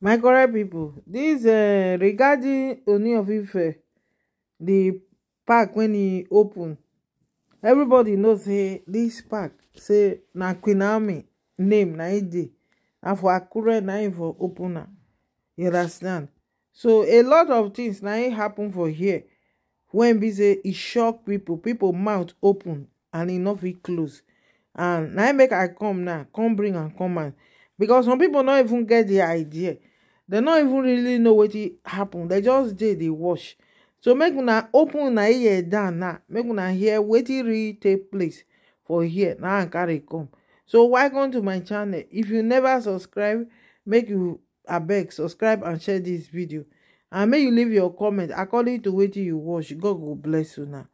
my correct pipo dis eh, regarding oni of ife the park when e open everybody know say this park say na queen name na e dey na for akure na e for open am you understand so a lot of things na e happen for here when be say e shock people, people mouth open and e no fit close and na make i come now come bring am come out because some people no even get the idea They no even really know what it happened. They just did the wash. so make una open na here down now make una hear it really take place for here Now i carry come so welcome to my channel if you never subscribe make you a beg subscribe and share this video and may you leave your comment according to what you watch god will bless you now,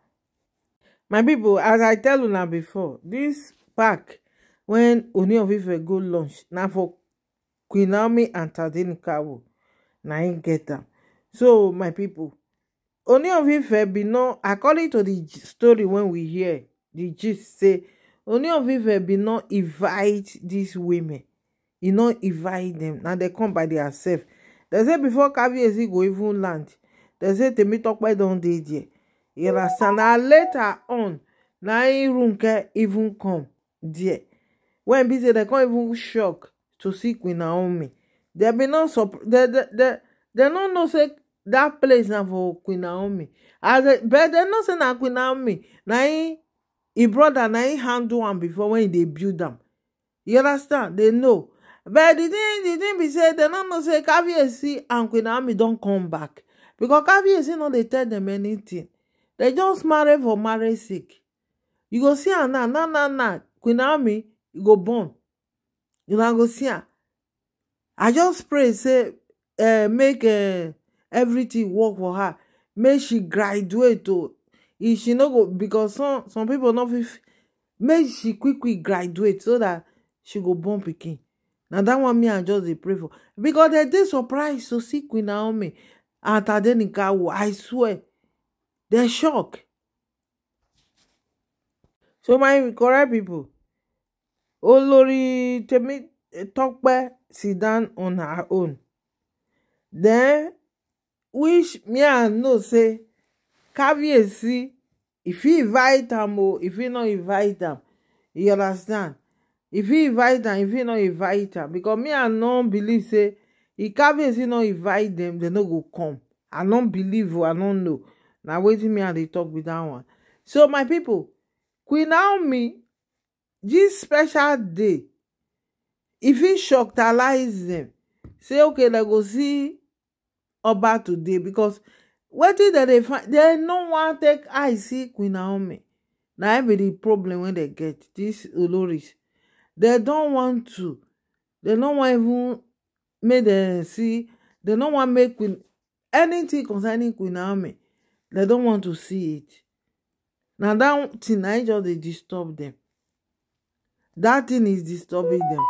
my people. as i tell you now before this park wen oni of ife go launch now for queen naomi and tadini kawo now you get am so my people, only of ife eh, bin no according to the story when we hear di gist say only of ife eh, bin no invite these women you e no invite them. Now they come by themselves. They say before caviezi go even land they say they meet temitope don dey there you understand na later on now you runke even come there When be they dem come even shock to see queen naomi dem bin no suppr dey no know say dat place na for queen naomi as but dem know say na queen naomi na im brother na im handle am before wen e dey build am you understand dem know but di thing thing be say dem no know say kabeisi and queen naomi don come back because kabeisi no dey tell dem anything dem just marry for marriage sake you go see her now now now now queen naomi go born. una go see am i just pray say eh, make eh, everything work for her make she graduate o oh. if she no go because some some people no fit make she quick quick graduate so that she go born pikin na that one me i just dey pray for because dem dey surprised to see queen naomi and tadenikawo i swear dem shock so my correct people olórí Temitope sit down on her own Then which me i know say Kabiyesi if he invite am o if he no invite am you understand If he invite am if he no invite am because me i no believe say if Kabiyesi no invite them, they no go come i no believe o i no know na wetin me i dey talk be that one so my people Queen Naomi This special day e fit shocktalize them, say okay dem go see oba today because wetin dem dey find they no wan take eye see queen naomi na im be di problem wey they get this oloris they don want to They no wan even make them see They no wan make queen anything concerning queen naomi dem don want to see it na that tin na just dey disturb them that thing is disturbing them,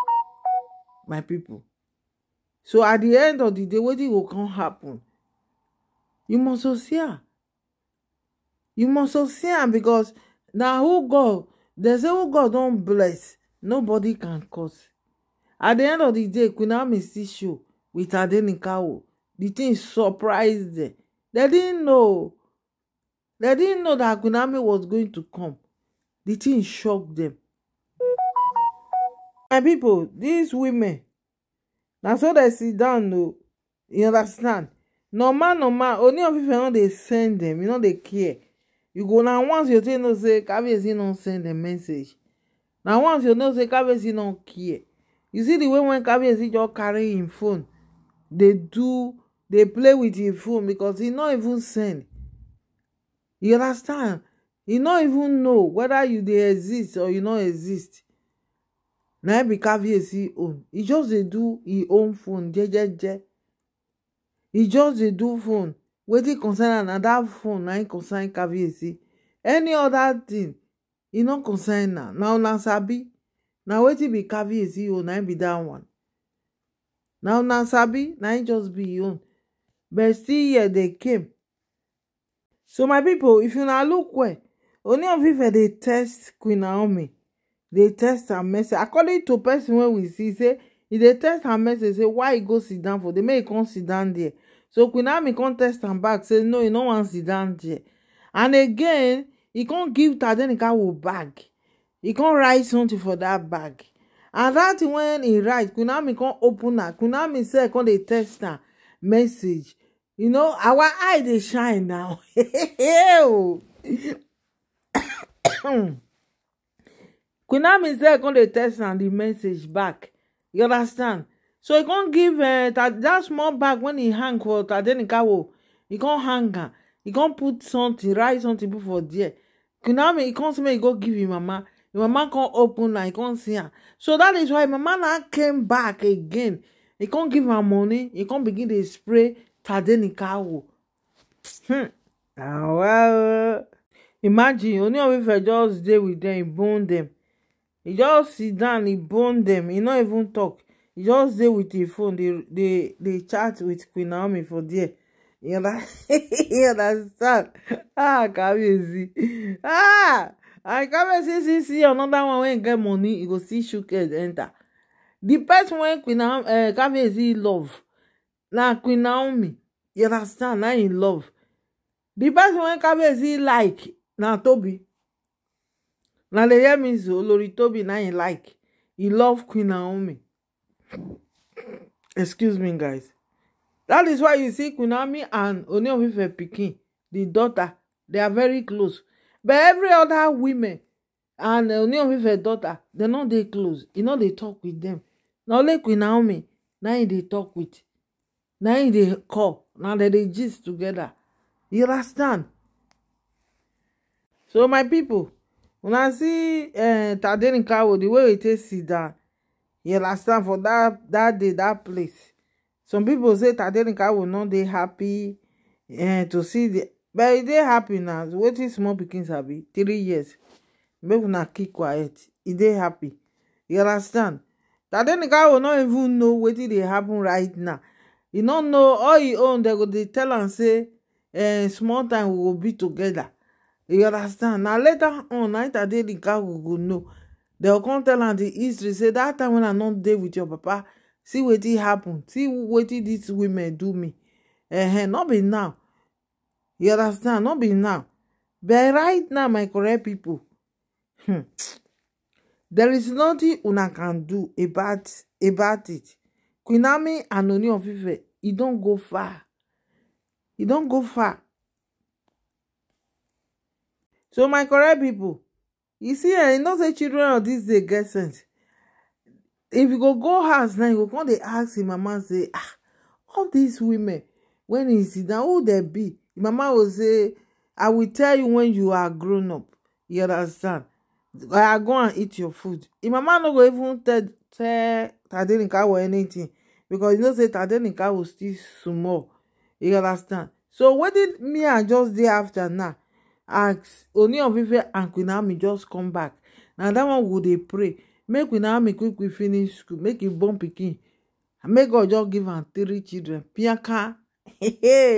my people. so at the end of the day wetin go come happen you must see am you must see am because na who god dem say who god don bless nobody can cause. at the end of the day Kunami ami still show with adenikawo The thing surprise them. They didn't know they didn't know that Kunami was going to come The thing shock them my people, these women na so dem sit down o you understand normal normal only of ife no dey send them, e no dey care you go now once you take no say kabezi no send dem message Now once you know say kabezi no care you see the way when kabezi just carry him phone They do they play with him phone because he not even send you understand he not even know whether you they exist or you not exist na him be Kabiyesi own He just dey do e own phone jejeje He just dey do phone wetin concern am na dat phone na im concern Kabiyesi any other thing e no concern am na una sabi na wetin be Kabiyesi own oh, na im be that one na una sabi na im just be im own but still here they came so my people, if una look well Ooni of Ife dey test Queen Naomi They test am message according to person when we see say e dey text am message say why e go sit down for They may e come sit down there so queen naomi come test am back say no e no wan sit down there and again he can't give tadenikawo bag He can't write something for that bag and dat when he e write queen naomi come open am queen naomi say come dey text am message you know our eye they shine now oh. hmm queen ami sef come dey text and the message back you understand so he gonna give eh, that small bag when he hang for tadenikawo He gonna hang am e come put something write something before for there queen ami e come say make e go give im mama im mama come open am He come see her. so that is why mama now came back again He can't give her money He can't begin to spray tadenikawo hmm ah well imagine only if I just stay with dem bone them. He just sit down He bone them. He no even talk. He just dey with e phone dey chat with queen naomi for there you understand ah kabezi ah and kabezi see see another one wey get money e go still shook head enter The person wey queen Naomi eh, kabezi love na queen naomi you understand na im love The person wey kabezi like na tobi na dey hear me olori tobi na him like he love queen naomi excuse me guys that is why you see queen naomi and oni of ife pikin the daughter they are very close but every other women and oni of daughter they no dey close e no dey talk with them. na only queen naomi na him dey talk with na him dey call na dem dey gist together you understand so my people una see eh, tadenka wo the way it is sit down you understand for that day that place some people say tadenka wo not dey happy eh, to see the but they e happy now. What is small pikin sabi three years make not keep quiet e dey happy you understand tadenka will not even know what dey happen right now e no know all e own They go dey tell and say eh, small time we go be together you understand Now later on na ita dey rinka go go know dem come tell am di history say that time when i not dey with your papa see what wetin happen see wetin these women do me eh not be now you understand Not be now but right now my correct people, hmm, there is nothing una can do about about it queen ami and oni of ife e don't go far e don't go far so my correct people, you see i eh, know say children of this day get sent. if you go go house now you go come they ask your mama say ah all these women when e sit down who they be your mama will say i will tell you when you are grown up you understand i go and eat your food your mama no go even tell tell tadenika or anything because you know say tadenika go still small you understand so what did me and just dey after now ask oni of ife and queen army just come back na dat one we dey pray make queen army quick quick finish school make e born pikin and make god just give am three children piaka